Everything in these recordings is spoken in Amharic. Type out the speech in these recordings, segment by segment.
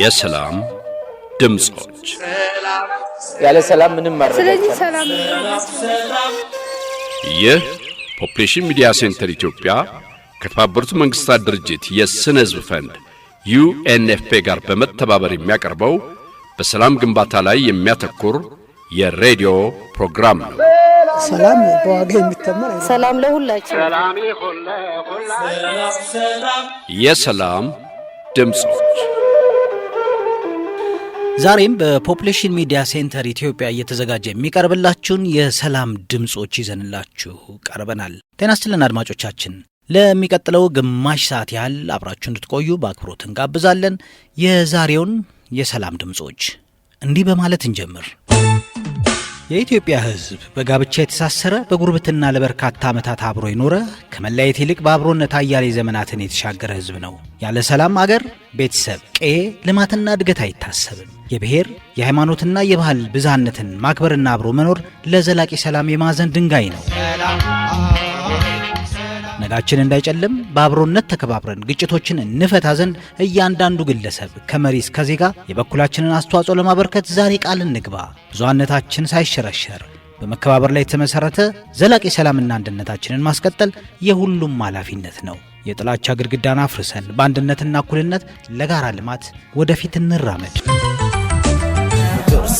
የሰላም ድምጾች ያለ ሰላም ምንም ማድረግ ስለዚህ ሰላም ይህ ፖፕሌሽን ሚዲያ ሴንተር ኢትዮጵያ ከተባበሩት መንግስታት ድርጅት የሥነ ሕዝብ ፈንድ ዩኤንኤፍፔ ጋር በመተባበር የሚያቀርበው በሰላም ግንባታ ላይ የሚያተኩር የሬዲዮ ፕሮግራም ነው። ሰላም በዋጋ የሚተመር ሰላም ለሁላችን የሰላም ድምጾች ዛሬም በፖፕሌሽን ሚዲያ ሴንተር ኢትዮጵያ እየተዘጋጀ የሚቀርብላችሁን የሰላም ድምፆች ይዘንላችሁ ቀርበናል። ጤና ይስጥልን አድማጮቻችን፣ ለሚቀጥለው ግማሽ ሰዓት ያህል አብራችሁ እንድትቆዩ በአክብሮት እንጋብዛለን። የዛሬውን የሰላም ድምፆች እንዲህ በማለት እንጀምር። የኢትዮጵያ ሕዝብ በጋብቻ የተሳሰረ በጉርብትና ለበርካታ ዓመታት አብሮ የኖረ ከመለያየት ይልቅ በአብሮነት አያሌ ዘመናትን የተሻገረ ሕዝብ ነው። ያለ ሰላም አገር፣ ቤተሰብ፣ ቀዬ፣ ልማትና እድገት አይታሰብም። የብሔር የሃይማኖትና የባህል ብዝሃነትን ማክበርና አብሮ መኖር ለዘላቂ ሰላም የማዕዘን ድንጋይ ነው። መላችን እንዳይጨልም በአብሮነት ተከባብረን ግጭቶችን እንፈታ ዘንድ እያንዳንዱ ግለሰብ ከመሪ እስከ ዜጋ የበኩላችንን አስተዋጽኦ ለማበርከት ዛሬ ቃል እንግባ። ብዙሃነታችን ሳይሸረሸር በመከባበር ላይ የተመሠረተ ዘላቂ ሰላምና አንድነታችንን ማስቀጠል የሁሉም ኃላፊነት ነው። የጥላቻ ግድግዳን አፍርሰን በአንድነትና እኩልነት ለጋራ ልማት ወደፊት እንራመድ።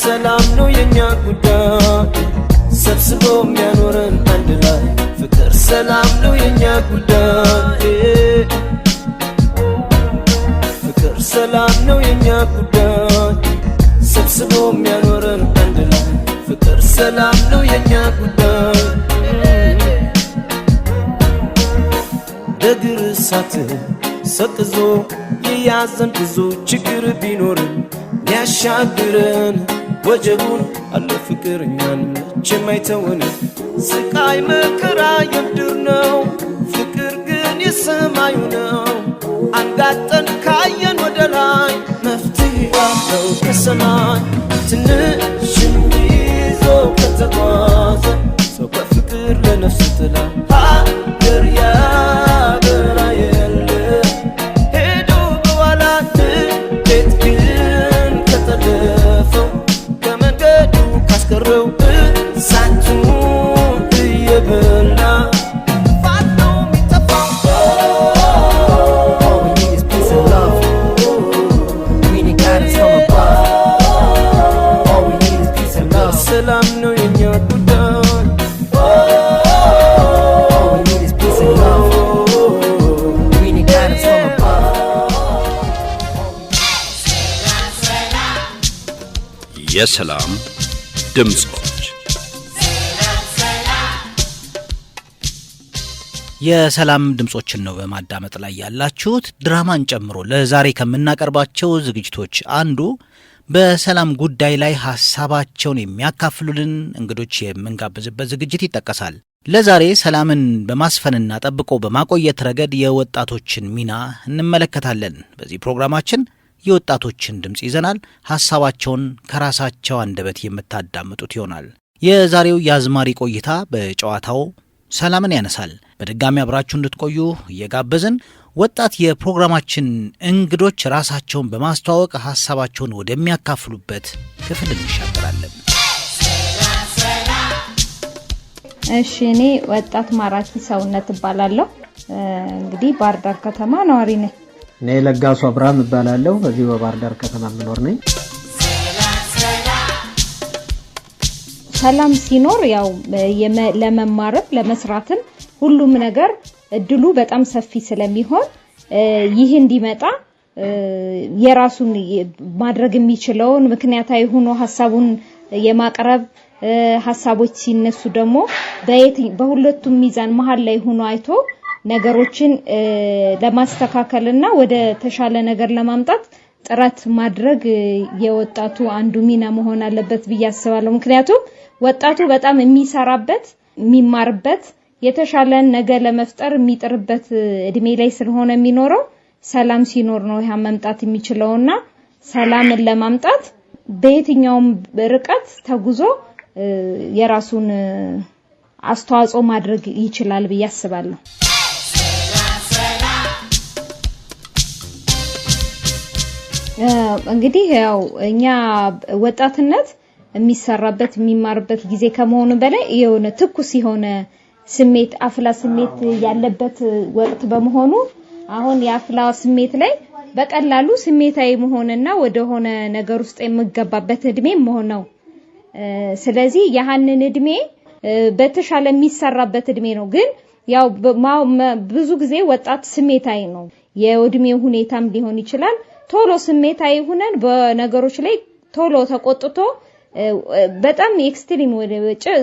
ሰላም ነው የእኛ ጉዳይ ሰብስቦ የሚያኖረን አንድ ላይ ፍቅር ሰላም ነው የኛ ጉዳይ ፍቅር ሰላም ነው የኛ ጉዳይ ሰብስቦ የሚያኖረን አንድ ላይ ፍቅር ሰላም ነው የኛ ጉዳይ እግር እሳት ሰቅዞ የያዘን ብዙ ችግር ቢኖርን ያሻግረን ወጀቡን አለ ፍቅር እኛን መቼም አይተውን። ስቃይ መከራ የምድር ነው፣ ፍቅር ግን የሰማዩ ነው። አንጋጠን ካየን ወደ ላይ መፍትሄ ያለው ከሰማይ ትንሽ ይዞ ከተጓዘ ሰው በፍቅር ለነፍስ ትላል የሰላም ድምፆች የሰላም ድምፆችን ነው በማዳመጥ ላይ ያላችሁት። ድራማን ጨምሮ ለዛሬ ከምናቀርባቸው ዝግጅቶች አንዱ በሰላም ጉዳይ ላይ ሀሳባቸውን የሚያካፍሉልን እንግዶች የምንጋብዝበት ዝግጅት ይጠቀሳል። ለዛሬ ሰላምን በማስፈንና ጠብቆ በማቆየት ረገድ የወጣቶችን ሚና እንመለከታለን። በዚህ ፕሮግራማችን የወጣቶችን ድምፅ ይዘናል። ሀሳባቸውን ከራሳቸው አንደበት የምታዳምጡት ይሆናል። የዛሬው የአዝማሪ ቆይታ በጨዋታው ሰላምን ያነሳል። በድጋሚ አብራችሁ እንድትቆዩ እየጋበዝን ወጣት የፕሮግራማችን እንግዶች ራሳቸውን በማስተዋወቅ ሀሳባቸውን ወደሚያካፍሉበት ክፍል እንሻገራለን። እሺ፣ እኔ ወጣት ማራኪ ሰውነት እባላለሁ። እንግዲህ ባህር ዳር ከተማ ነዋሪ ነኝ። እኔ ለጋሱ አብርሃም እባላለሁ። በዚህ በባህር ዳር ከተማ የምኖር ነኝ። ሰላም ሲኖር ያው ለመማርም ለመስራትም ሁሉም ነገር እድሉ በጣም ሰፊ ስለሚሆን ይህ እንዲመጣ የራሱን ማድረግ የሚችለውን ምክንያታዊ ሆኖ ሀሳቡን የማቅረብ ሀሳቦች ሲነሱ ደግሞ በሁለቱም ሚዛን መሀል ላይ ሆኖ አይቶ ነገሮችን ለማስተካከልና ወደ ተሻለ ነገር ለማምጣት ጥረት ማድረግ የወጣቱ አንዱ ሚና መሆን አለበት ብዬ አስባለሁ። ምክንያቱም ወጣቱ በጣም የሚሰራበት የሚማርበት የተሻለን ነገር ለመፍጠር የሚጥርበት እድሜ ላይ ስለሆነ የሚኖረው ሰላም ሲኖር ነው ያ መምጣት የሚችለው እና ሰላምን ለማምጣት በየትኛውም ርቀት ተጉዞ የራሱን አስተዋጽኦ ማድረግ ይችላል ብዬ አስባለሁ። እንግዲህ ያው እኛ ወጣትነት የሚሰራበት የሚማርበት ጊዜ ከመሆኑ በላይ የሆነ ትኩስ የሆነ ስሜት አፍላ ስሜት ያለበት ወቅት በመሆኑ አሁን የአፍላ ስሜት ላይ በቀላሉ ስሜታዊ መሆንና ወደሆነ ነገር ውስጥ የምገባበት እድሜ መሆን ነው። ስለዚህ ያህንን እድሜ በተሻለ የሚሰራበት እድሜ ነው። ግን ያው ብዙ ጊዜ ወጣት ስሜታዊ ነው። የእድሜው ሁኔታም ሊሆን ይችላል። ቶሎ ስሜታዊ ሆነን በነገሮች ላይ ቶሎ ተቆጥቶ በጣም ኤክስትሪም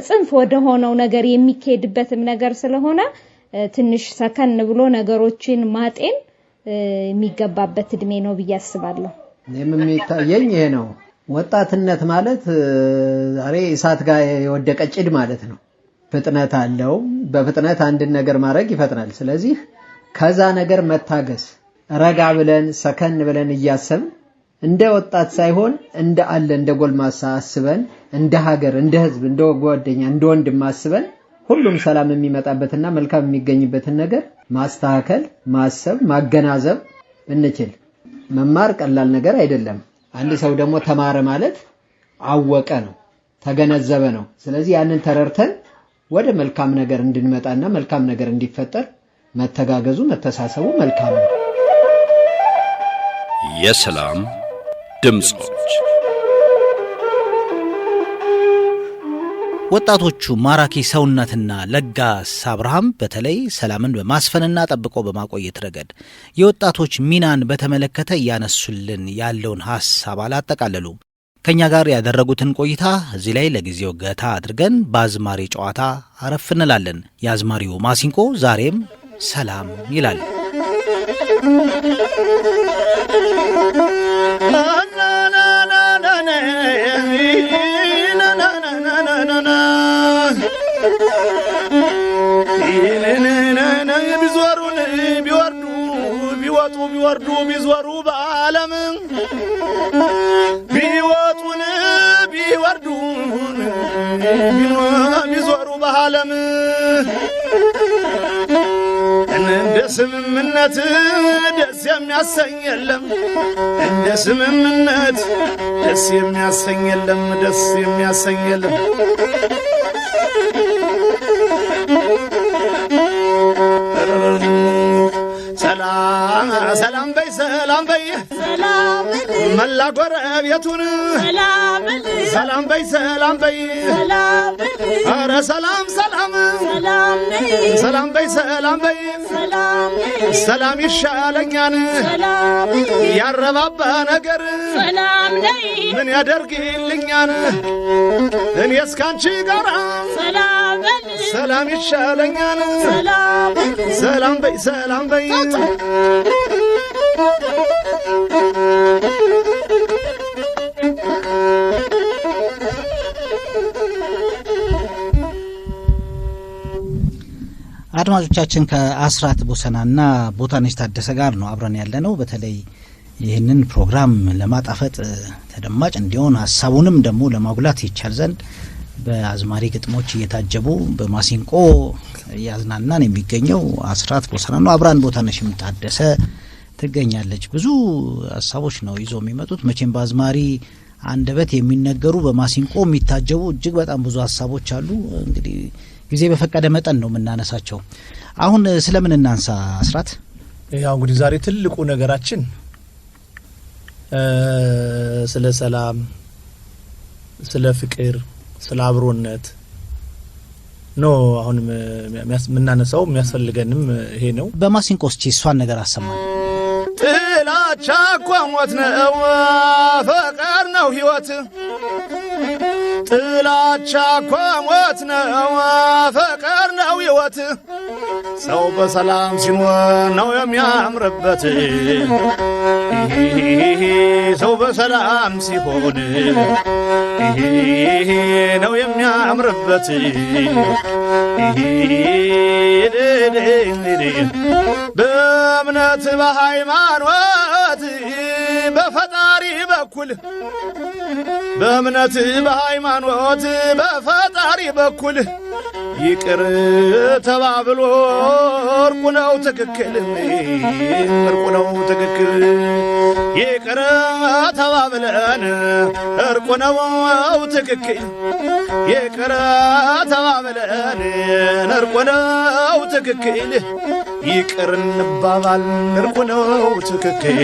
ጽንፍ ወደ ሆነው ነገር የሚካሄድበትም ነገር ስለሆነ ትንሽ ሰከን ብሎ ነገሮችን ማጤን የሚገባበት እድሜ ነው ብዬ አስባለሁ። እኔም የሚታየኝ ይሄ ነው። ወጣትነት ማለት ዛሬ እሳት ጋር የወደቀ ጭድ ማለት ነው። ፍጥነት አለው። በፍጥነት አንድን ነገር ማድረግ ይፈጥናል። ስለዚህ ከዛ ነገር መታገስ ረጋ ብለን ሰከን ብለን እያሰብን እንደ ወጣት ሳይሆን እንደ አለ እንደ ጎልማሳ አስበን እንደ ሀገር፣ እንደ ህዝብ፣ እንደ ጓደኛ፣ እንደ ወንድም አስበን ሁሉም ሰላም የሚመጣበትና መልካም የሚገኝበትን ነገር ማስተካከል፣ ማሰብ፣ ማገናዘብ እንችል። መማር ቀላል ነገር አይደለም። አንድ ሰው ደግሞ ተማረ ማለት አወቀ ነው፣ ተገነዘበ ነው። ስለዚህ ያንን ተረርተን ወደ መልካም ነገር እንድንመጣና መልካም ነገር እንዲፈጠር መተጋገዙ፣ መተሳሰቡ መልካም ነው። የሰላም ድምፆች ወጣቶቹ ማራኪ ሰውነትና ለጋስ አብርሃም በተለይ ሰላምን በማስፈንና ጠብቆ በማቆየት ረገድ የወጣቶች ሚናን በተመለከተ እያነሱልን ያለውን ሐሳብ አላጠቃለሉ። ከእኛ ጋር ያደረጉትን ቆይታ እዚህ ላይ ለጊዜው ገታ አድርገን በአዝማሪ ጨዋታ አረፍ እንላለን። የአዝማሪው ማሲንቆ ዛሬም ሰላም ይላል። ቢዞሩን ቢወርዱ ቢወጡ በዓለም ቢወጡን ቢወርዱን ቢዞሩ በዓለም ስምምነት ደስ የሚያሰኝ የለም፣ እንደ ስምምነት ደስ የሚያሰኝ የለም፣ ደስ የሚያሰኝ የለም። ሰላም ሰላም በይ ሰላም በይ መላ ጎረቤቱን ሰላም በይ ሰላም በይ ኧረ ሰላም ሰላም ሰላም በይ ሰላም በይ ሰላም ይሻለኛን ያረባባ ነገር ምን ያደርግልኛን እኔ እስካንቺ ጋራ ሰላም ይሻለኛን ሰላም በይ ሰላም በይ አድማጮቻችን ከአስራት ቦሰናና ቦታነች ታደሰ ጋር ነው አብረን ያለነው። በተለይ ይህንን ፕሮግራም ለማጣፈጥ ተደማጭ እንዲሆን ሀሳቡንም ደግሞ ለማጉላት ይቻል ዘንድ በአዝማሪ ግጥሞች እየታጀቡ በማሲንቆ እያዝናናን የሚገኘው አስራት ቦሰና ነው። አብራን ቦታነሽም ታደሰ ትገኛለች። ብዙ ሀሳቦች ነው ይዞ የሚመጡት መቼም በአዝማሪ አንደበት የሚነገሩ በማሲንቆ የሚታጀቡ እጅግ በጣም ብዙ ሀሳቦች አሉ እንግዲህ ጊዜ በፈቀደ መጠን ነው የምናነሳቸው። አሁን ስለምን እናንሳ አስራት? ያው እንግዲህ ዛሬ ትልቁ ነገራችን ስለ ሰላም፣ ስለ ፍቅር፣ ስለ አብሮነት ነው አሁን የምናነሳው የሚያስፈልገንም ይሄ ነው። በማሲንቆ እሷን ነገር አሰማል። ጥላቻ እኮ ሞት ነው፣ ፈቃድ ነው ህይወት ጥላቻ ኳሞት ነው፣ ፍቅር ነው ሕይወት። ሰው በሰላም ሲኖር ነው የሚያምርበት። ሰው በሰላም ሲሆን ነው የሚያምርበት። በእምነት በሃይማኖት በኩል በእምነት በሃይማኖት በፈጣሪ በኩል ይቅር ተባብሎ እርቁ ነው ትክክል፣ እርቁ ነው ትክክል። ይቅር ተባብለን እርቁ ነው ትክክል፣ ይቅር ተባብለን እርቁ ነው ትክክል። ይቅር እንባባል እርቁ ነው ትክክል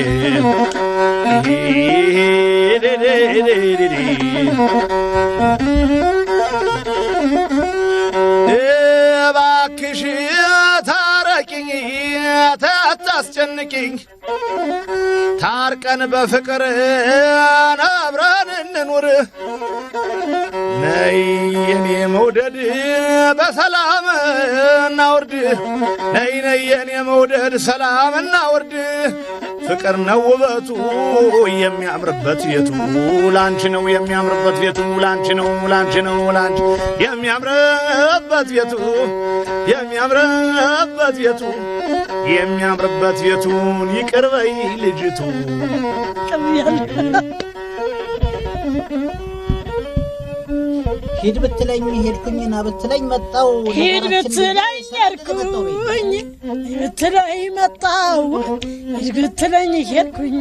እባክሽ ታረቂኝ፣ ታታስጨንቂኝ፣ ታርቀን በፍቅር አብረን እንኑር። ነይ የኔ መውደድ በሰላም እናውርድ። ነይ ነይ የኔ መውደድ ሰላም እናውርድ። ፍቅር ነው ውበቱ የሚያምርበት ቤቱ ላንቺ ነው የሚያምርበት ቤቱ ላንቺ ነው ላንቺ ነው ላንቺ የሚያምርበት የቱ የሚያምርበት ቤቱ የሚያምርበት ቤቱን ይቅር ልጅቱ ልጅቱ ሂድ ብትለኝ ሄድኩኝ፣ ና ብትለኝ መጣው። ሂድ ብትለኝ ሄድኩኝ፣ ብትለኝ መጣው። ሂድ ብትለኝ ሄድኩኝ፣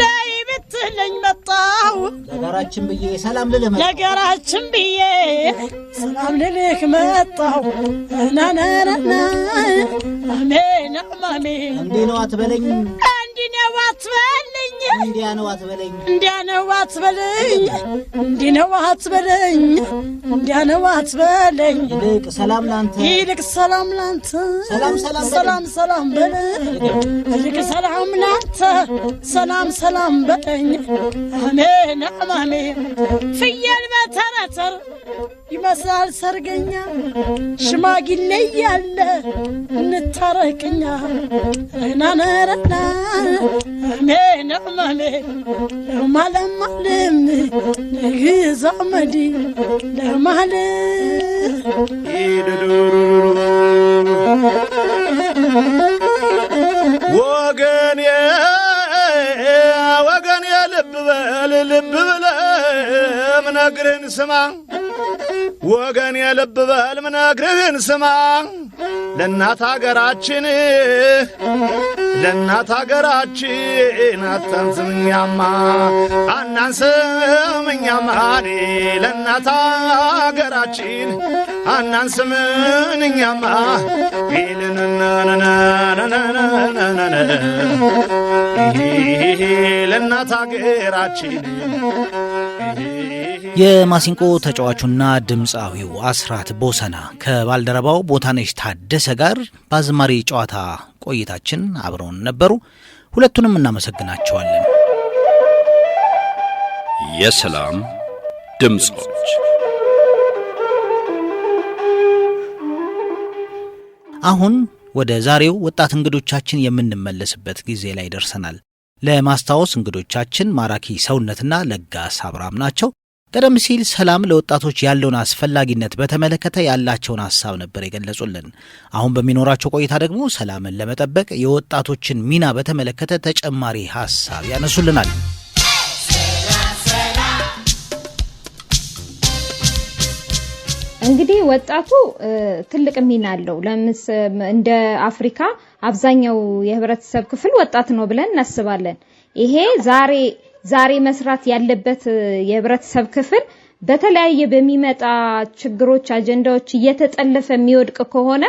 ነይ ብትለኝ መጣው። ነገራችን ብዬ ሰላም ልልህ መጣው። ነገራችን ብዬ ሰላም ልልህ መጣው። ናናናና አሜን አማሜ እንዴ ነው አትበለኝ እንዲህ ነው አትበልኝ፣ እንዲያ ነው አትበለኝ፣ እንዲያ ነው አትበለኝ፣ እንዲህ ነው እንዲያ ነው ይልቅ ሰላም ላንተ፣ ይልቅ ሰላም ላንተ፣ ሰላም ሰላም በለኝ፣ ይልቅ ሰላም ላንተ፣ ሰላም ሰላም በለኝ። አሜን አማሜን ይመስላል ሰርገኛ ሽማግሌ ያለ እንታረቅኛ ናነረና ሜነመሜ ለማለማለም ንግዛ መዲ ለማለ ወገን በል ልብ በል ምነግርህን ስማ ወገን የልብ በል ምነግርህን ስማ ለእናት አገራችን ለእናት አገራችን አታንስም እኛማ አናንስም እኛማ ለእናት አገራችን አናንስም እኛማ ለእናት አገራችን የማሲንቆ ተጫዋቹና ድምፃዊው አስራት ቦሰና ከባልደረባው ቦታነሽ ታደሰ ጋር በአዝማሪ ጨዋታ ቆይታችን አብረውን ነበሩ። ሁለቱንም እናመሰግናቸዋለን። የሰላም ድምፆች አሁን ወደ ዛሬው ወጣት እንግዶቻችን የምንመለስበት ጊዜ ላይ ደርሰናል። ለማስታወስ እንግዶቻችን ማራኪ ሰውነትና ለጋስ አብርሃም ናቸው። ቀደም ሲል ሰላም ለወጣቶች ያለውን አስፈላጊነት በተመለከተ ያላቸውን ሀሳብ ነበር የገለጹልን። አሁን በሚኖራቸው ቆይታ ደግሞ ሰላምን ለመጠበቅ የወጣቶችን ሚና በተመለከተ ተጨማሪ ሀሳብ ያነሱልናል። እንግዲህ ወጣቱ ትልቅ ሚና አለው። ለምስ እንደ አፍሪካ አብዛኛው የህብረተሰብ ክፍል ወጣት ነው ብለን እናስባለን። ይሄ ዛሬ ዛሬ መስራት ያለበት የህብረተሰብ ክፍል በተለያየ በሚመጣ ችግሮች፣ አጀንዳዎች እየተጠለፈ የሚወድቅ ከሆነ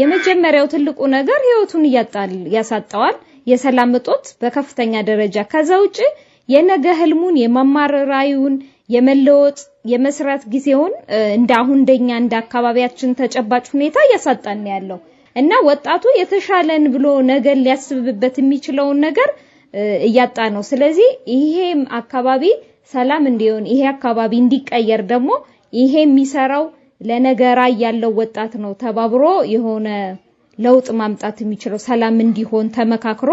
የመጀመሪያው ትልቁ ነገር ህይወቱን እያጣል ያሳጣዋል፣ የሰላም እጦት በከፍተኛ ደረጃ ከዛ ውጭ የነገ ህልሙን የመማር ራዕዩን የመለወጥ የመስራት ጊዜውን እንደ አሁን እንደኛ እንደ አካባቢያችን ተጨባጭ ሁኔታ እያሳጣን ያለው እና ወጣቱ የተሻለን ብሎ ነገር ሊያስብበት የሚችለውን ነገር እያጣ ነው። ስለዚህ ይሄ አካባቢ ሰላም እንዲሆን ይሄ አካባቢ እንዲቀየር ደግሞ ይሄ የሚሰራው ለነገራ ያለው ወጣት ነው ተባብሮ የሆነ ለውጥ ማምጣት የሚችለው ሰላም እንዲሆን ተመካክሮ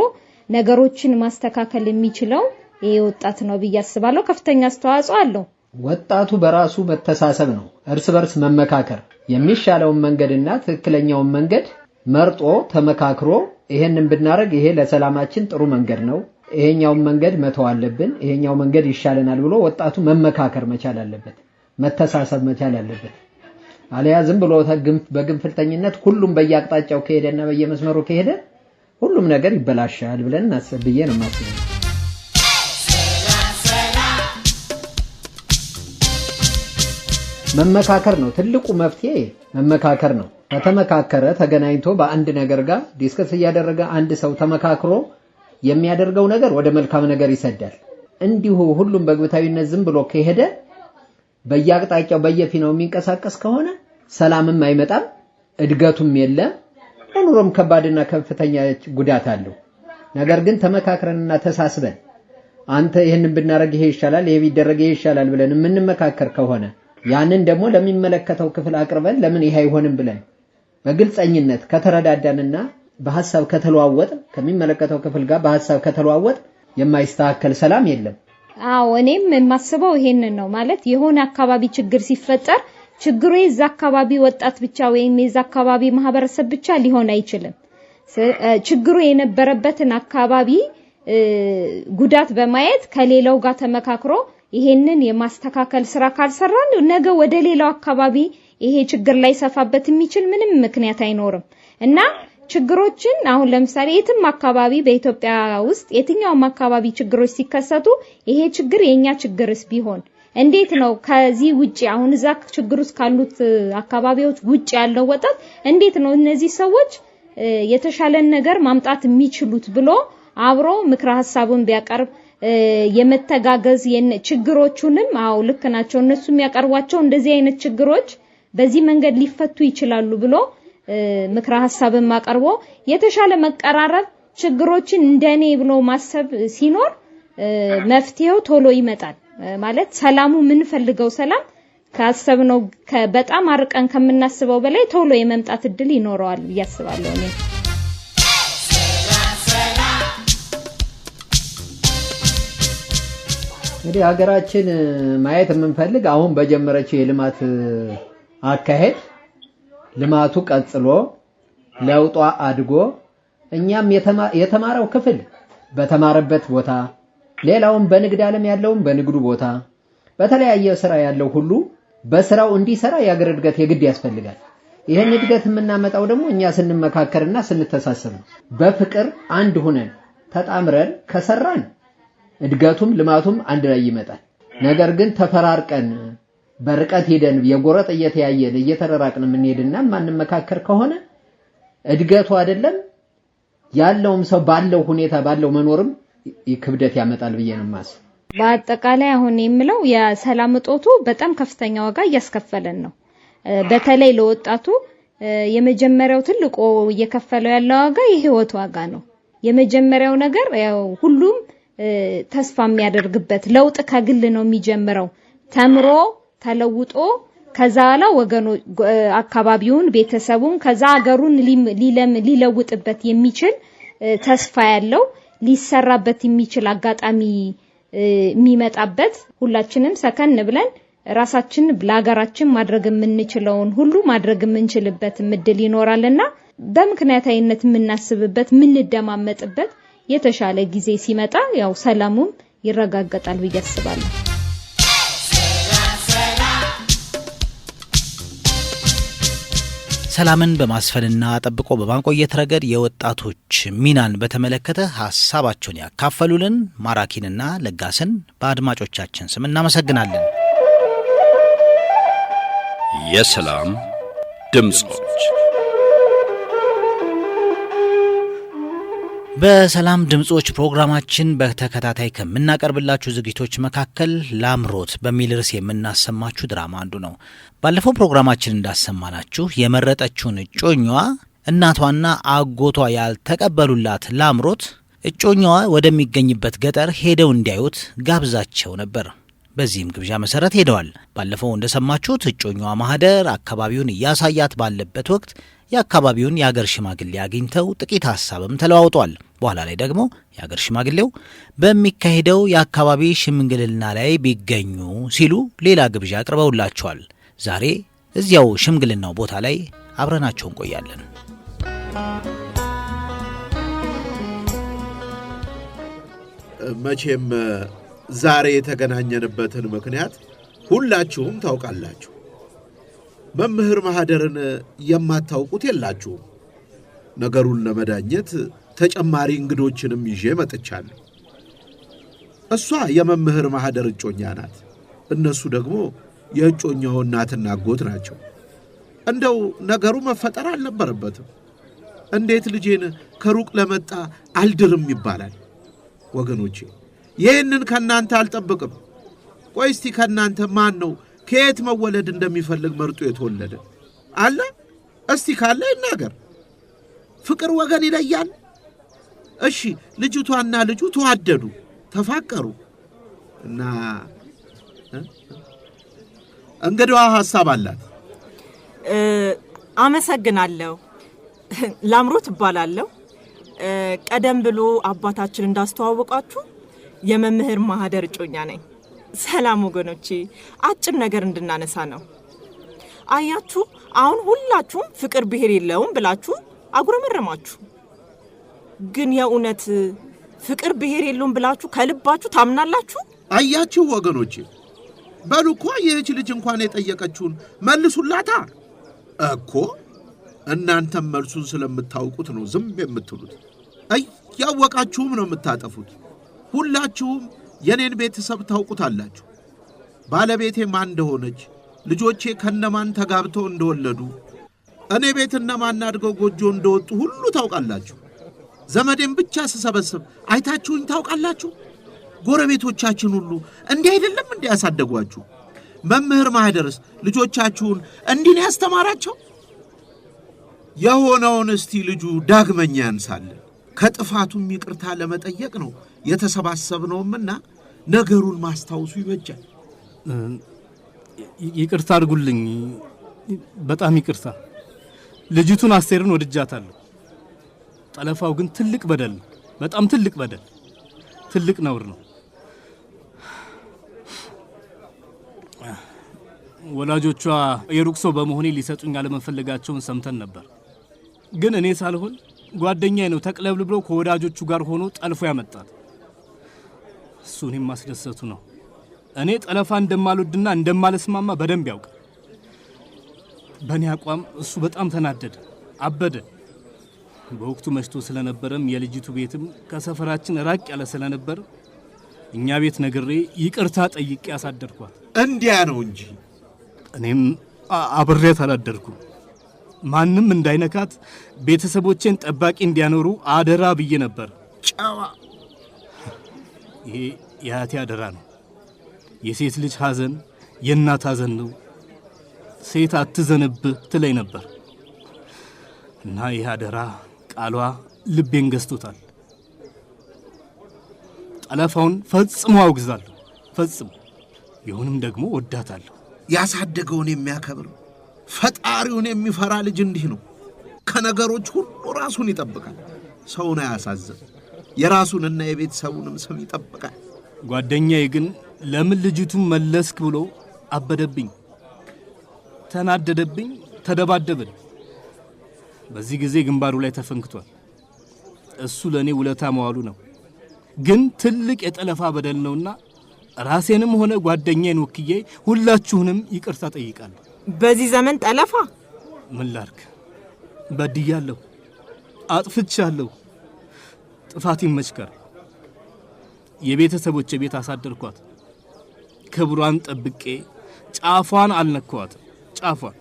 ነገሮችን ማስተካከል የሚችለው ይህ ወጣት ነው ብዬ አስባለሁ። ከፍተኛ አስተዋጽኦ አለው። ወጣቱ በራሱ መተሳሰብ ነው፣ እርስ በርስ መመካከር፣ የሚሻለውን መንገድና ትክክለኛውን መንገድ መርጦ ተመካክሮ ይሄንን ብናደርግ ይሄ ለሰላማችን ጥሩ መንገድ ነው፣ ይሄኛውን መንገድ መተው አለብን፣ ይሄኛው መንገድ ይሻለናል ብሎ ወጣቱ መመካከር መቻል አለበት፣ መተሳሰብ መቻል አለበት። አለያ ዝም ብሎ በግንፍልተኝነት ሁሉም በየአቅጣጫው ከሄደና በየመስመሩ ከሄደ ሁሉም ነገር ይበላሻል ብለን ብዬ ነው የማስበው። መመካከር ነው ትልቁ መፍትሄ፣ መመካከር ነው። ከተመካከረ ተገናኝቶ በአንድ ነገር ጋር ዲስከስ እያደረገ አንድ ሰው ተመካክሮ የሚያደርገው ነገር ወደ መልካም ነገር ይሰዳል። እንዲሁ ሁሉም በግብታዊነት ዝም ብሎ ከሄደ በየአቅጣጫው በየፊናው የሚንቀሳቀስ ከሆነ ሰላምም አይመጣም፣ እድገቱም የለም፣ ለኑሮም ከባድና ከፍተኛ ጉዳት አለው። ነገር ግን ተመካክረንና ተሳስበን አንተ ይህንን ብናረግ ይሄ ይሻላል፣ ይሄ ቢደረግ ይሄ ይሻላል ብለን የምንመካከር ከሆነ ያንን ደግሞ ለሚመለከተው ክፍል አቅርበን ለምን ይሄ አይሆንም ብለን በግልጸኝነት ከተረዳዳንና በሐሳብ ከተለዋወጥ ከሚመለከተው ክፍል ጋር በሐሳብ ከተለዋወጥ የማይስተካከል ሰላም የለም። አዎ እኔም የማስበው ይሄንን ነው። ማለት የሆነ አካባቢ ችግር ሲፈጠር ችግሩ የዛ አካባቢ ወጣት ብቻ ወይም የዛ አካባቢ ማህበረሰብ ብቻ ሊሆን አይችልም። ችግሩ የነበረበትን አካባቢ ጉዳት በማየት ከሌላው ጋር ተመካክሮ ይሄንን የማስተካከል ስራ ካልሰራን ነገ ወደ ሌላው አካባቢ ይሄ ችግር ላይ ሰፋበት የሚችል ምንም ምክንያት አይኖርም እና ችግሮችን አሁን ለምሳሌ የትም አካባቢ በኢትዮጵያ ውስጥ የትኛውም አካባቢ ችግሮች ሲከሰቱ ይሄ ችግር የኛ ችግርስ ቢሆን እንዴት ነው ከዚህ ውጪ አሁን እዛ ችግር ውስጥ ካሉት አካባቢዎች ውጪ ያለው ወጣት እንዴት ነው እነዚህ ሰዎች የተሻለን ነገር ማምጣት የሚችሉት ብሎ አብሮ ምክረ ሀሳቡን ቢያቀርብ የመተጋገዝ ችግሮቹንም አዎ ልክ ናቸው እነሱ የሚያቀርቧቸው እንደዚህ አይነት ችግሮች በዚህ መንገድ ሊፈቱ ይችላሉ ብሎ ምክረ ሀሳብም አቀርቦ የተሻለ መቀራረብ ችግሮችን እንደኔ ብሎ ማሰብ ሲኖር መፍትሄው ቶሎ ይመጣል። ማለት ሰላሙ የምንፈልገው ሰላም ካሰብነው በጣም አርቀን ከምናስበው በላይ ቶሎ የመምጣት እድል ይኖረዋል ብዬ አስባለሁ እኔ። እንግዲህ ሀገራችን ማየት የምንፈልግ አሁን በጀመረችው የልማት አካሄድ ልማቱ ቀጥሎ ለውጧ አድጎ እኛም የተማረው ክፍል በተማረበት ቦታ፣ ሌላውም በንግድ ዓለም ያለውም በንግዱ ቦታ፣ በተለያየ ስራ ያለው ሁሉ በስራው እንዲሰራ የአገር እድገት የግድ ያስፈልጋል። ይህን እድገት የምናመጣው ደግሞ እኛ ስንመካከርና ስንተሳሰብ ነው። በፍቅር አንድ ሁነን ተጣምረን ከሰራን እድገቱም ልማቱም አንድ ላይ ይመጣል። ነገር ግን ተፈራርቀን በርቀት ሄደን የጎረጥ እየተያየን እየተረራቅን የምንሄድና ማንመካከር ከሆነ እድገቱ አይደለም ያለውም ሰው ባለው ሁኔታ ባለው መኖርም ክብደት ያመጣል ብዬ ነው የማስበው። በአጠቃላይ አሁን የምለው የሰላም እጦቱ በጣም ከፍተኛ ዋጋ እያስከፈለን ነው። በተለይ ለወጣቱ የመጀመሪያው ትልቁ እየከፈለው ያለ ዋጋ የህይወት ዋጋ ነው። የመጀመሪያው ነገር ያው ሁሉም ተስፋ የሚያደርግበት ለውጥ ከግል ነው የሚጀምረው። ተምሮ ተለውጦ ከዛ በኋላ ወገኖ አካባቢውን፣ ቤተሰቡን ከዛ ሀገሩን ሊለውጥበት የሚችል ተስፋ ያለው ሊሰራበት የሚችል አጋጣሚ የሚመጣበት ሁላችንም ሰከን ብለን ራሳችን ለሀገራችን ማድረግ የምንችለውን ሁሉ ማድረግ የምንችልበት እድል ይኖራልና በምክንያታዊነት የምናስብበት የምንደማመጥበት የተሻለ ጊዜ ሲመጣ ያው ሰላሙም ይረጋገጣል ብዬ አስባለሁ። ሰላምን በማስፈንና ጠብቆ በማቆየት ረገድ የወጣቶች ሚናን በተመለከተ ሀሳባቸውን ያካፈሉልን ማራኪንና ለጋስን በአድማጮቻችን ስም እናመሰግናለን። የሰላም ድምፆች በሰላም ድምፆች ፕሮግራማችን በተከታታይ ከምናቀርብላችሁ ዝግጅቶች መካከል ላምሮት በሚል ርዕስ የምናሰማችሁ ድራማ አንዱ ነው። ባለፈው ፕሮግራማችን እንዳሰማናችሁ የመረጠችውን እጮኛዋ እናቷና አጎቷ ያልተቀበሉላት ላምሮት እጮኛዋ ወደሚገኝበት ገጠር ሄደው እንዲያዩት ጋብዛቸው ነበር። በዚህም ግብዣ መሰረት ሄደዋል። ባለፈው እንደሰማችሁት እጮኛዋ ማህደር አካባቢውን እያሳያት ባለበት ወቅት የአካባቢውን የአገር ሽማግሌ አግኝተው ጥቂት ሀሳብም ተለዋውጧል። በኋላ ላይ ደግሞ የአገር ሽማግሌው በሚካሄደው የአካባቢ ሽምግልና ላይ ቢገኙ ሲሉ ሌላ ግብዣ አቅርበውላቸዋል። ዛሬ እዚያው ሽምግልናው ቦታ ላይ አብረናቸው እንቆያለን። መቼም ዛሬ የተገናኘንበትን ምክንያት ሁላችሁም ታውቃላችሁ። መምህር ማኅደርን የማታውቁት የላችሁም። ነገሩን ለመዳኘት ተጨማሪ እንግዶችንም ይዤ መጥቻለሁ። እሷ የመምህር ማኅደር እጮኛ ናት። እነሱ ደግሞ የእጮኛው እናትና አጎት ናቸው። እንደው ነገሩ መፈጠር አልነበረበትም። እንዴት ልጄን ከሩቅ ለመጣ አልድርም ይባላል? ወገኖቼ ይህንን ከእናንተ አልጠብቅም። ቆይ እስቲ ከእናንተ ማን ነው ከየት መወለድ እንደሚፈልግ መርጦ የተወለደ አለ? እስቲ ካለ ይናገር። ፍቅር ወገን ይለያል። እሺ ልጅቷና ልጁ ተዋደዱ፣ ተፋቀሩ እና እንግዲዋ ሀሳብ አላት። አመሰግናለሁ። ላምሮት እባላለሁ። ቀደም ብሎ አባታችን እንዳስተዋወቃችሁ የመምህር ማህደር እጮኛ ነኝ። ሰላም ወገኖቼ፣ አጭር ነገር እንድናነሳ ነው። አያችሁ፣ አሁን ሁላችሁም ፍቅር ብሔር የለውም ብላችሁ አጉረመረማችሁ። ግን የእውነት ፍቅር ብሔር የለውም ብላችሁ ከልባችሁ ታምናላችሁ? አያችሁ ወገኖቼ፣ በሉ እኮ ይህች ልጅ እንኳን የጠየቀችውን መልሱላታ እኮ። እናንተም መልሱን ስለምታውቁት ነው ዝም የምትሉት። እያወቃችሁም ነው የምታጠፉት ሁላችሁም የኔን ቤተሰብ ታውቁታላችሁ። ባለቤቴ ማን እንደሆነች፣ ልጆቼ ከነማን ተጋብተው እንደወለዱ፣ እኔ ቤት እነማን አድገው ጎጆ እንደወጡ ሁሉ ታውቃላችሁ። ዘመዴን ብቻ ስሰበስብ አይታችሁኝ ታውቃላችሁ። ጎረቤቶቻችን ሁሉ እንዲህ አይደለም እንዲህ ያሳደጓችሁ። መምህር ማህደርስ ልጆቻችሁን እንዲህ ነው ያስተማራቸው። የሆነውን እስቲ ልጁ ዳግመኛ ያንሳለን፣ ከጥፋቱም ይቅርታ ለመጠየቅ ነው የተሰባሰብነውምና ነገሩን ማስታወሱ ይበጃል። ይቅርታ አድርጉልኝ፣ በጣም ይቅርታ። ልጅቱን አስቴርን ወድጃታለሁ። ጠለፋው ግን ትልቅ በደል ነው፣ በጣም ትልቅ በደል፣ ትልቅ ነውር ነው። ወላጆቿ የሩቅ ሰው በመሆኔ ሊሰጡኝ አለመፈለጋቸውን ሰምተን ነበር። ግን እኔ ሳልሆን ጓደኛዬ ነው ተቅለብልብሎ ከወዳጆቹ ጋር ሆኖ ጠልፎ ያመጣት። እሱ የማስደሰቱ ነው። እኔ ጠለፋ እንደማልወድና እንደማልስማማ በደንብ ያውቃል። በእኔ አቋም እሱ በጣም ተናደደ፣ አበደ። በወቅቱ መሽቶ ስለነበረም የልጅቱ ቤትም ከሰፈራችን ራቅ ያለ ስለነበር እኛ ቤት ነግሬ ይቅርታ ጠይቄ አሳደርኳት። እንዲያ ነው እንጂ እኔም አብሬት አላደርኩም። ማንም እንዳይነካት ቤተሰቦቼን ጠባቂ እንዲያኖሩ አደራ ብዬ ነበር። ጨዋ ይሄ የአያቴ አደራ ነው። የሴት ልጅ ሐዘን የእናት ሐዘን ነው። ሴት አትዘንብህ ትለይ ነበር እና ይህ አደራ ቃሏ ልቤን ገዝቶታል። ጠለፋውን ፈጽሞ አውግዛለሁ፣ ፈጽሞ ይሁንም ደግሞ ወዳታለሁ። ያሳደገውን የሚያከብር ፈጣሪውን የሚፈራ ልጅ እንዲህ ነው። ከነገሮች ሁሉ ራሱን ይጠብቃል። ሰውን አያሳዝን። የራሱንና የቤተሰቡንም ስም ይጠብቃል። ጓደኛዬ ግን ለምን ልጅቱን መለስክ ብሎ አበደብኝ፣ ተናደደብኝ፣ ተደባደብን። በዚህ ጊዜ ግንባሩ ላይ ተፈንክቷል። እሱ ለእኔ ውለታ መዋሉ ነው፣ ግን ትልቅ የጠለፋ በደል ነውና ራሴንም ሆነ ጓደኛዬን ወክዬ ሁላችሁንም ይቅርታ ጠይቃለሁ። በዚህ ዘመን ጠለፋ ምን ላርክ? በድያለሁ፣ አጥፍቻለሁ። ጥፋት ይመችከር። የቤተሰቦች ቤት አሳደርኳት። ክብሯን ጠብቄ ጫፏን አልነኳት። ጫፏን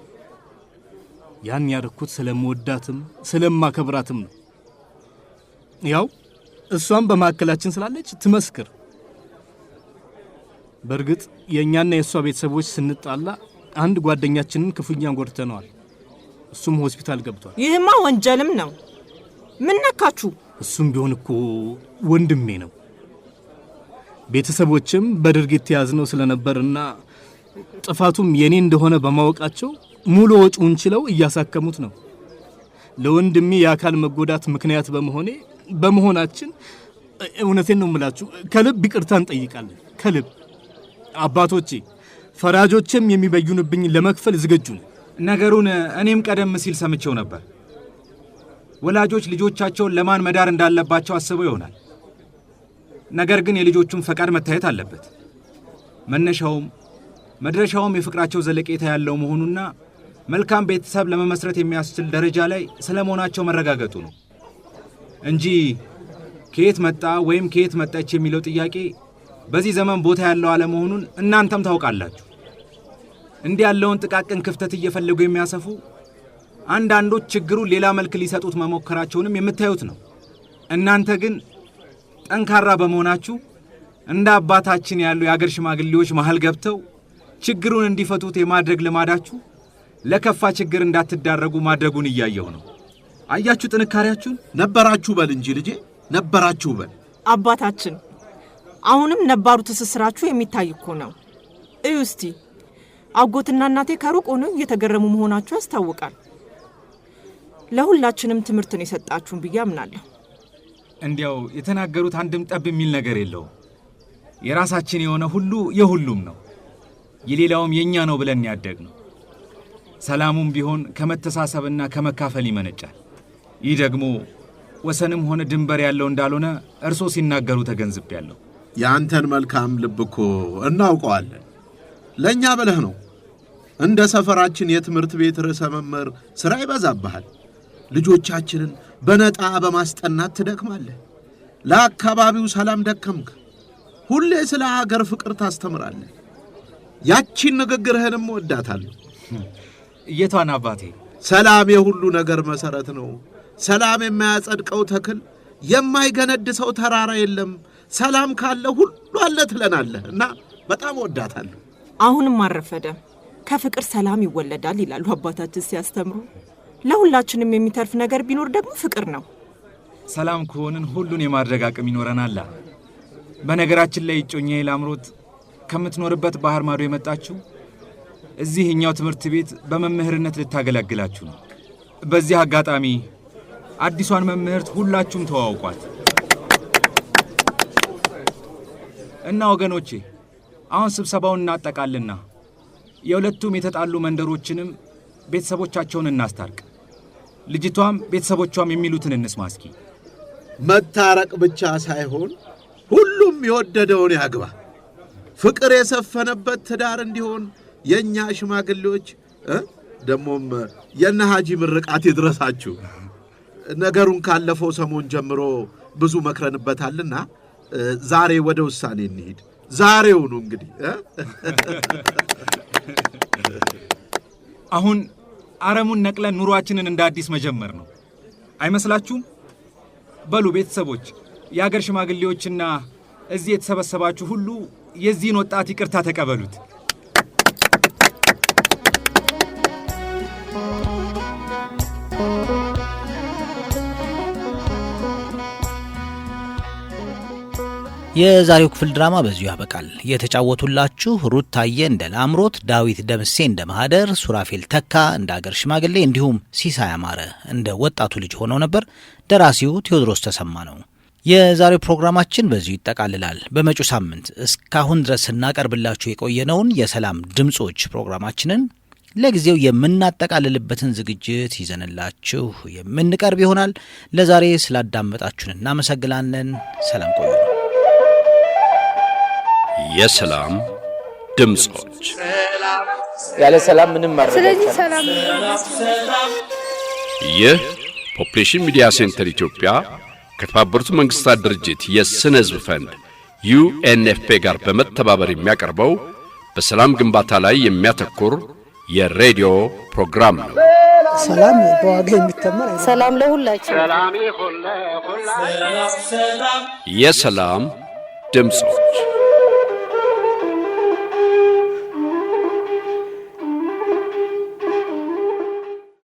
ያን ያደኩት ስለምወዳትም ስለማከብራትም ነው። ያው እሷም በማዕከላችን ስላለች ትመስክር። በእርግጥ የእኛና የእሷ ቤተሰቦች ስንጣላ አንድ ጓደኛችንን ክፉኛን ጎድተነዋል። እሱም ሆስፒታል ገብቷል። ይህማ ወንጀልም ነው። ምን ነካችሁ? እሱም ቢሆን እኮ ወንድሜ ነው። ቤተሰቦችም በድርጊት የተያዝነው ስለነበርና ጥፋቱም የኔ እንደሆነ በማወቃቸው ሙሉ ወጪውን ችለው እያሳከሙት ነው። ለወንድሜ የአካል መጎዳት ምክንያት በመሆኔ በመሆናችን እውነቴን ነው የምላችሁ፣ ከልብ ይቅርታ እንጠይቃለን። ከልብ አባቶቼ፣ ፈራጆችም የሚበዩንብኝ ለመክፈል ዝግጁ ነው። ነገሩን እኔም ቀደም ሲል ሰምቼው ነበር። ወላጆች ልጆቻቸውን ለማን መዳር እንዳለባቸው አስበው ይሆናል። ነገር ግን የልጆቹን ፈቃድ መታየት አለበት። መነሻውም መድረሻውም የፍቅራቸው ዘለቄታ ያለው መሆኑና መልካም ቤተሰብ ለመመስረት የሚያስችል ደረጃ ላይ ስለ መሆናቸው መረጋገጡ ነው እንጂ ከየት መጣ ወይም ከየት መጣች የሚለው ጥያቄ በዚህ ዘመን ቦታ ያለው አለመሆኑን እናንተም ታውቃላችሁ። እንዲህ ያለውን ጥቃቅን ክፍተት እየፈለጉ የሚያሰፉ አንዳንዶች ችግሩን ሌላ መልክ ሊሰጡት መሞከራቸውንም የምታዩት ነው። እናንተ ግን ጠንካራ በመሆናችሁ እንደ አባታችን ያሉ የአገር ሽማግሌዎች መሃል ገብተው ችግሩን እንዲፈቱት የማድረግ ልማዳችሁ ለከፋ ችግር እንዳትዳረጉ ማድረጉን እያየሁ ነው። አያችሁ ጥንካሬያችሁን። ነበራችሁ በል እንጂ ልጄ፣ ነበራችሁ በል አባታችን። አሁንም ነባሩ ትስስራችሁ የሚታይ እኮ ነው። እዩ እስቲ አጎትና እናቴ ከሩቅ ሆነው እየተገረሙ መሆናችሁ ያስታውቃል። ለሁላችንም ትምህርትን የሰጣችሁን ብዬ አምናለሁ። እንዲያው የተናገሩት አንድም ጠብ የሚል ነገር የለውም። የራሳችን የሆነ ሁሉ የሁሉም ነው፣ የሌላውም የእኛ ነው ብለን ያደግ ነው። ሰላሙም ቢሆን ከመተሳሰብና ከመካፈል ይመነጫል። ይህ ደግሞ ወሰንም ሆነ ድንበር ያለው እንዳልሆነ እርሶ ሲናገሩ ተገንዝቤያለሁ። የአንተን መልካም ልብ እኮ እናውቀዋለን። ለእኛ ብለህ ነው። እንደ ሰፈራችን የትምህርት ቤት ርዕሰ መምህር ሥራ ይበዛብሃል። ልጆቻችንን በነጣ በማስጠናት ትደክማለህ። ለአካባቢው ሰላም ደከምክ። ሁሌ ስለ አገር ፍቅር ታስተምራለህ። ያቺን ንግግርህንም ወዳታለሁ። እየቷን አባቴ፣ ሰላም የሁሉ ነገር መሠረት ነው። ሰላም የማያጸድቀው ተክል፣ የማይገነድሰው ተራራ የለም። ሰላም ካለ ሁሉ አለ ትለናለህ እና በጣም ወዳታለሁ። አሁንም አረፈደ ከፍቅር ሰላም ይወለዳል ይላሉ አባታችን ሲያስተምሩ። ለሁላችንም የሚተርፍ ነገር ቢኖር ደግሞ ፍቅር ነው። ሰላም ከሆንን ሁሉን የማድረግ አቅም ይኖረናል። በነገራችን ላይ እጮኛዬ ላምሮት ከምትኖርበት ባህር ማዶ የመጣችው እዚህ እኛው ትምህርት ቤት በመምህርነት ልታገለግላችሁ ነው። በዚህ አጋጣሚ አዲሷን መምህርት ሁላችሁም ተዋውቋት እና ወገኖቼ፣ አሁን ስብሰባውን እናጠቃልና የሁለቱም የተጣሉ መንደሮችንም ቤተሰቦቻቸውን እናስታርቅ። ልጅቷም ቤተሰቦቿም የሚሉትን እንስማ እስኪ። መታረቅ ብቻ ሳይሆን ሁሉም የወደደውን ያግባ፣ ፍቅር የሰፈነበት ትዳር እንዲሆን የእኛ ሽማግሌዎች ደግሞም የነ ሐጂ ምርቃት ይድረሳችሁ። ነገሩን ካለፈው ሰሞን ጀምሮ ብዙ መክረንበታልና ዛሬ ወደ ውሳኔ እንሂድ። ዛሬውኑ እንግዲህ አሁን አረሙን ነቅለን ኑሯችንን እንደ አዲስ መጀመር ነው አይመስላችሁም? በሉ ቤተሰቦች፣ የአገር ሽማግሌዎችና እዚህ የተሰበሰባችሁ ሁሉ የዚህን ወጣት ይቅርታ ተቀበሉት። የዛሬው ክፍል ድራማ በዚሁ ያበቃል። የተጫወቱላችሁ ሩት ታየ እንደ ላምሮት ዳዊት ደምሴ እንደ ማህደር፣ ሱራፌል ተካ እንደ አገር ሽማግሌ እንዲሁም ሲሳይ አማረ እንደ ወጣቱ ልጅ ሆነው ነበር። ደራሲው ቴዎድሮስ ተሰማ ነው። የዛሬው ፕሮግራማችን በዚሁ ይጠቃልላል። በመጪው ሳምንት እስካሁን ድረስ ስናቀርብላችሁ የቆየነውን የሰላም ድምፆች ፕሮግራማችንን ለጊዜው የምናጠቃልልበትን ዝግጅት ይዘንላችሁ የምንቀርብ ይሆናል። ለዛሬ ስላዳመጣችሁን እናመሰግናለን። ሰላም ቆዩ። የሰላም ድምጾች ያለ ሰላም ምንም ማድረግ። ስለዚህ ሰላም ይህ ፖፕሌሽን ሚዲያ ሴንተር ኢትዮጵያ ከተባበሩት መንግስታት ድርጅት የሥነ ህዝብ ፈንድ ዩኤንኤፍፔ ጋር በመተባበር የሚያቀርበው በሰላም ግንባታ ላይ የሚያተኩር የሬዲዮ ፕሮግራም ነው። ሰላም በዋጋ የሚተመር ሰላም ለሁላችን የሰላም ድምጾች